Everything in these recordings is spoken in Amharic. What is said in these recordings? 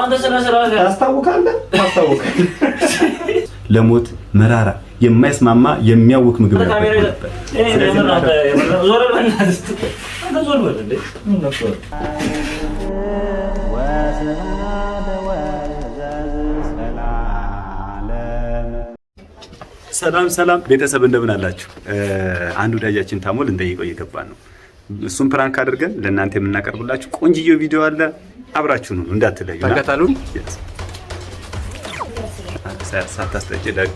ታስታውቃለህ ለሞት መራራ የማይስማማ የሚያውክ ምግብ ሰላም ሰላም ቤተሰብ እንደምን አላችሁ? አንድ ወዳጃችን ታሞ ልንጠይቀው እየገባን ነው። እሱን ፕራንክ አድርገን ለእናንተ የምናቀርብላችሁ ቆንጅዮ ቪዲዮ አለ። አብራችሁ ነው እንዳትለዩ፣ ተከተሉን። ሳታስጠጭ ደቅ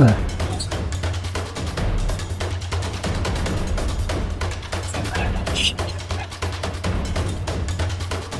Yeah.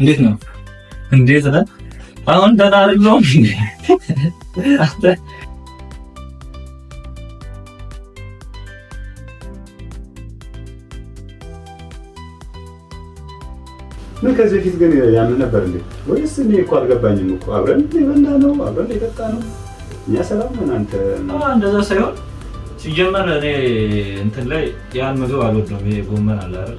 እንዴት ነው? እንዴት ነው? አሁን ደህና አይደለሁም። ምን ከዚህ በፊት ግን ያምን ነበር እንዴ? ወይስ እኔ እኮ አልገባኝም እኮ። አብረን የበላ ነው፣ አብረን የጠጣ ነው፣ እኛ ሰላም ነን። አንተ እንደዛ ሳይሆን ሲጀመር እኔ እንትን ላይ ያን ምግብ አልወደውም። ይሄ ጎመን አለ አይደል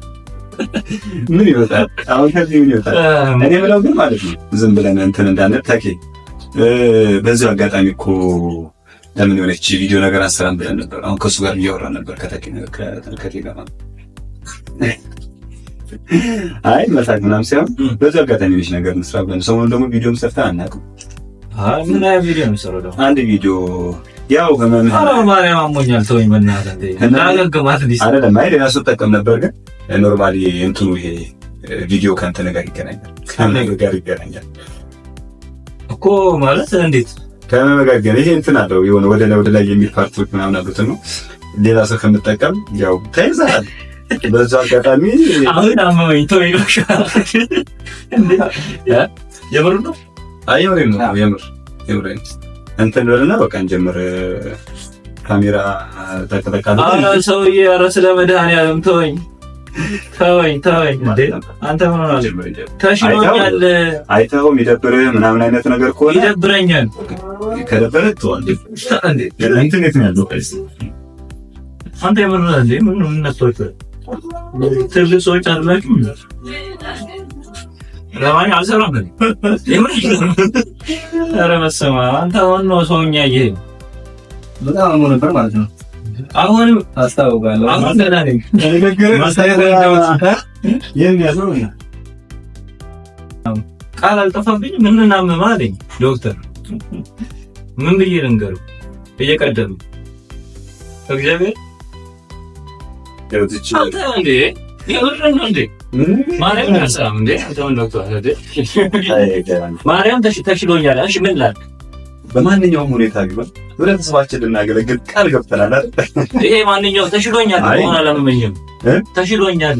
ምን ይወጣል? አሁን ከዚህ ምን ይወጣል? እኔ ብለው ግን ማለት ነው ዝም ብለን እንትን እንዳንል ተኬ በዚሁ አጋጣሚ እኮ ለምን የሆነች ቪዲዮ ነገር አሰራን ብለን ነበር። አሁን ከእሱ ጋር እያወራ ነበር ከተኬ ጋር አይ መሳቅ ምናምን ሳይሆን በዚሁ አጋጣሚ ች ነገር እንስራ ብለን ሰሞኑን ደግሞ ቪዲዮም ሰርተን አናውቅም። ምን ቪዲዮ ነው የምሰራው? አንድ ቪዲዮ ያው ህመምህ ማርያም አሞኛል ተወኝ በእናትህ አይደለም አይ ሌላ ስጠቀም ነበር ግን ኖርማሊ እንትኑ ይሄ ቪዲዮ ከእንትን ጋር ይገናኛል ጋር ይገናኛል እኮ ማለት እንዴት ይሄ እንትን አለው የሆነ ወደ ላይ ወደ ላይ የሚል ምናምን አሉት ነው ሌላ ሰው ከምጠቀም ያው በዛ አጋጣሚ አሁን አመመኝ ተወኝ የምር ነው አይ የምር ነው የምር የምር እንትን በልና በቃ እንጀምር። ካሜራ ተከተካ ሰውዬ፣ አረ ስለ መድኃኒዓለም ተወኝ ተወኝ ተወኝ። አንተ ምን ሆናል? ተሽሎኛል። ምናምን አይነት ነገር ከሆነ ይደብረኛል። ከደበረ ተወል። ነው አንተ ምን ምን ትልቅ ሰዎች አይደላችሁ ለማንኛውም አልሰራም። ኧረ አረ መስማ አንተ አሁን ነው ሰውኛ ይሄ በጣም አምሮ ነበር ማለት ነው። አሁንም አስታውቃለሁ። አሁን ገና ነኝ ንግግር ቃል አልጠፋብኝ። ምን እናምማ አለኝ ዶክተር። ምን ብዬ ልንገሩ? እየቀደሉ እግዚአብሔር ያው ያውትች አንተ እንዴ የምርን ነው እንዴ ማርያም ያሰራም እንዴ ተመለክቷል አይደል? ማርያም ተሽሎኛል። እሺ ምን ላድርግ? በማንኛውም ሁኔታ ቢሆን ህብረተሰባችን ልናገለግል ቃል ገብተናል አይደል? ይሄ ማንኛውም ተሽሎኛል ሆነ አላመመኝም ተሽሎኛል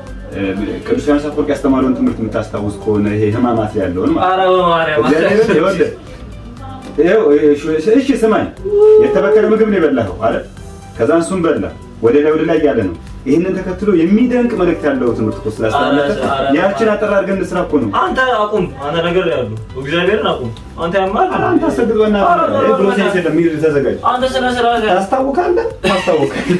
ቅዱስ ዮሐንስ አፈወርቅ ያስተማረውን ትምህርት የምታስታውስ ከሆነ ይሄ ህማማት ያለውን እሺ፣ ስማኝ የተበከለ ምግብ ነው የበላኸው አይደል? ከዛ እሱም በላ ወደ ላይ ወደ ላይ ያለ ነው። ይህንን ተከትሎ የሚደንቅ መልእክት ያለው ትምህርት ኮስ ስላስተላለፈ ያችን አጠር አድርገን እንስራ እኮ ነው። አንተ አቁም፣ አንተ ነገር እግዚአብሔርን አቁም። አንተ ያማል፣ አንተ ተዘጋጅ። አንተ ስነ ስርዓት ታስታውቃለህ፣ ታስታውቃለህ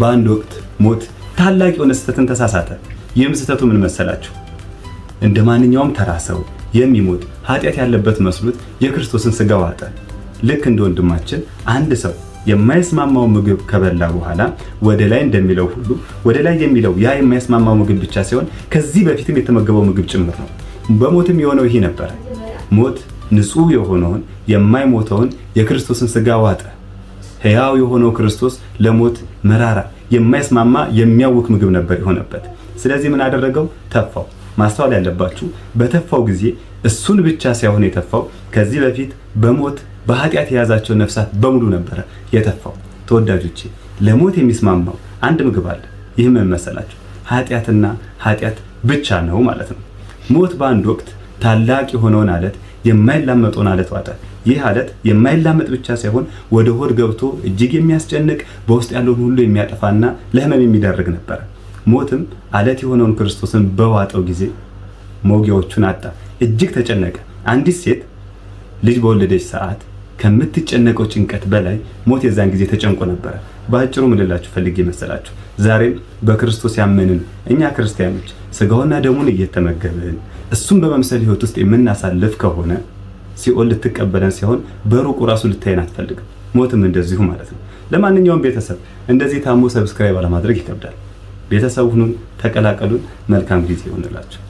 በአንድ ወቅት ሞት ታላቅ የሆነ ስህተትን ተሳሳተ። ይህም ስህተቱ ምን መሰላችሁ? እንደ ማንኛውም ተራ ሰው የሚሞት ኃጢአት ያለበት መስሎት የክርስቶስን ስጋ ዋጠ። ልክ እንደ ወንድማችን አንድ ሰው የማይስማማው ምግብ ከበላ በኋላ ወደ ላይ እንደሚለው ሁሉ ወደ ላይ የሚለው ያ የማይስማማው ምግብ ብቻ ሲሆን ከዚህ በፊትም የተመገበው ምግብ ጭምር ነው። በሞትም የሆነው ይሄ ነበረ። ሞት ንጹሕ የሆነውን የማይሞተውን የክርስቶስን ስጋ ዋጠ። ሕያው የሆነው ክርስቶስ ለሞት መራራ የማይስማማ የሚያውክ ምግብ ነበር የሆነበት። ስለዚህ ምን አደረገው? ተፋው። ማስተዋል ያለባችሁ በተፋው ጊዜ እሱን ብቻ ሳይሆን የተፋው ከዚህ በፊት በሞት በኃጢአት የያዛቸው ነፍሳት በሙሉ ነበረ የተፋው። ተወዳጆቼ ለሞት የሚስማማው አንድ ምግብ አለ። ምን መሰላችሁ ኃጢአትና ኃጢአት ብቻ ነው ማለት ነው። ሞት በአንድ ወቅት ታላቅ የሆነውን አለት የማይላመጠውን አለት ዋጠ። ይህ አለት የማይላመጥ ብቻ ሳይሆን ወደ ሆድ ገብቶ እጅግ የሚያስጨንቅ በውስጥ ያለውን ሁሉ የሚያጠፋና ለህመም የሚዳርግ ነበረ። ሞትም አለት የሆነውን ክርስቶስን በዋጠው ጊዜ መውጊያዎቹን አጣ፣ እጅግ ተጨነቀ። አንዲት ሴት ልጅ በወለደች ሰዓት ከምትጨነቀው ጭንቀት በላይ ሞት የዛን ጊዜ ተጨንቆ ነበረ። በአጭሩ ምልላችሁ ፈልጌ መሰላችሁ። ዛሬም በክርስቶስ ያመንን እኛ ክርስቲያኖች ስጋውና ደሙን እየተመገብን እሱም በመምሰል ህይወት ውስጥ የምናሳልፍ ከሆነ ሲኦል ልትቀበለን ሲሆን በሩቁ ራሱ ልታየን አትፈልግም። ሞትም እንደዚሁ ማለት ነው። ለማንኛውም ቤተሰብ እንደዚህ ታሞ ሰብስክራይብ አለማድረግ ይከብዳል። ቤተሰብ ሁኑን፣ ተቀላቀሉን። መልካም ጊዜ ይሆንላቸው።